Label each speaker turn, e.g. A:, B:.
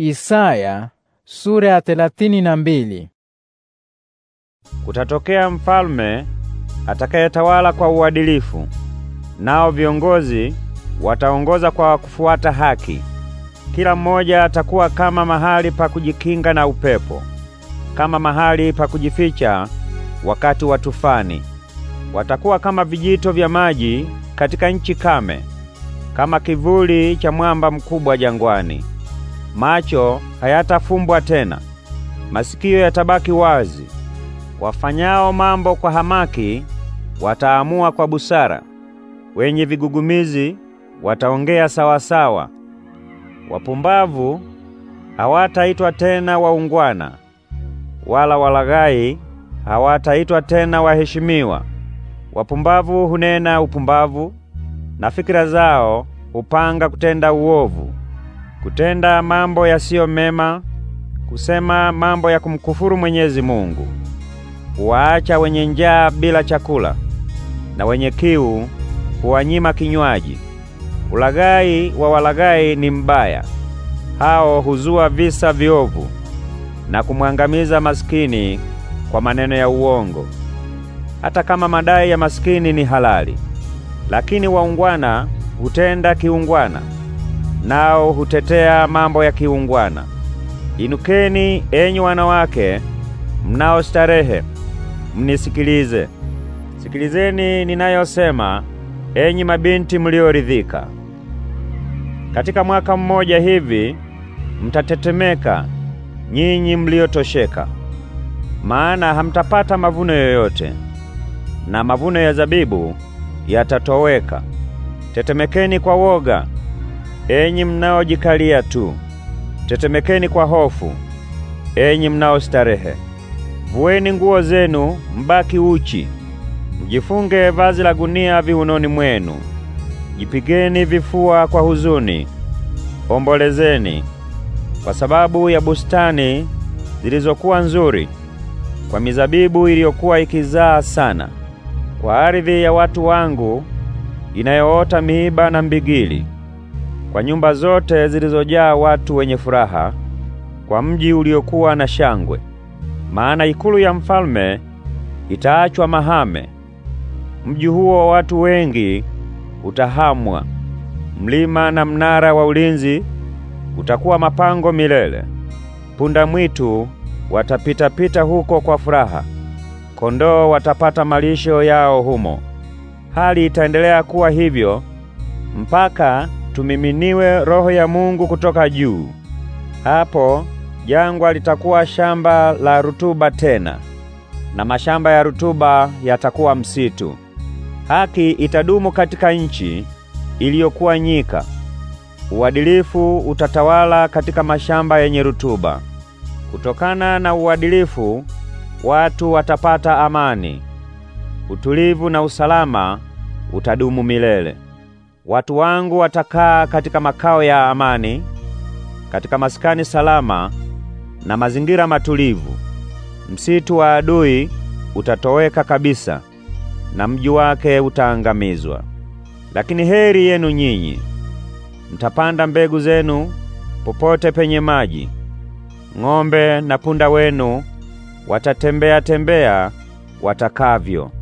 A: Isaya sura ya thelathini na mbili. Kutatokea mfalme atakayetawala kwa uadilifu, nao viongozi wataongoza kwa kufuata haki. Kila mmoja atakuwa kama mahali pa kujikinga na upepo, kama mahali pa kujificha wakati wa tufani. Watakuwa kama vijito vya maji katika nchi kame, kama kivuli cha mwamba mkubwa jangwani. Macho hayatafumbwa tena, masikio yatabaki wazi. Wafanyao mambo kwa hamaki wataamua kwa busara, wenye vigugumizi wataongea sawasawa. Wapumbavu hawataitwa tena waungwana, wala walaghai hawataitwa tena waheshimiwa. Wapumbavu hunena upumbavu, na fikira zao hupanga kutenda uovu kutenda mambo yasiyo mema, kusema mambo ya kumkufuru Mwenyezi Mungu, kuwaacha wenye njaa bila chakula na wenye kiu kuwanyima kinywaji. ulagai wa walagai ni mbaya, hao huzua visa viovu na kumwangamiza masikini kwa maneno ya uongo. Hata kama madai ya masikini ni halali, lakini waungwana hutenda kiungwana nao hutetea mambo ya kiungwana. Inukeni enyi wanawake starehe, mnisikilize. Sikilizeni ninayosema, enyi mabinti mlioridhika. Katika mwaka mmoja hivi mtatetemeka, nyinyi mliotosheka, maana hamtapata mavuno yoyote, na mavuno ya zabibu yatatoweka. Tetemekeni kwa woga, enyi mnaojikalia tu, tetemekeni kwa hofu, enyi mnaostarehe. Vueni nguo zenu, mbaki uchi, mjifunge vazi la gunia viunoni mwenu, jipigeni vifua kwa huzuni, ombolezeni kwa sababu ya bustani zilizokuwa nzuri, kwa mizabibu iliyokuwa ikizaa sana, kwa ardhi ya watu wangu inayoota miiba na mbigili kwa nyumba zote zilizojaa watu wenye furaha, kwa mji uliokuwa na shangwe. Maana ikulu ya mfalme itaachwa mahame, mji huo watu wengi utahamwa. Mlima na mnara wa ulinzi utakuwa mapango milele. Punda mwitu watapita-pita huko kwa furaha, kondoo watapata malisho yao humo. Hali itaendelea kuwa hivyo mpaka tumiminiwe Roho ya Mungu kutoka juu. Hapo jangwa litakuwa shamba la rutuba tena, na mashamba ya rutuba yatakuwa msitu. Haki itadumu katika nchi iliyokuwa nyika, uadilifu utatawala katika mashamba yenye rutuba. Kutokana na uadilifu watu watapata amani, utulivu na usalama utadumu milele. Watu wangu watakaa katika makao ya amani, katika maskani salama na mazingira matulivu. Msitu wa adui utatoweka kabisa na mji wake utaangamizwa. Lakini heri yenu nyinyi, mtapanda mbegu zenu popote penye maji. Ng'ombe na punda wenu watatembea tembea watakavyo.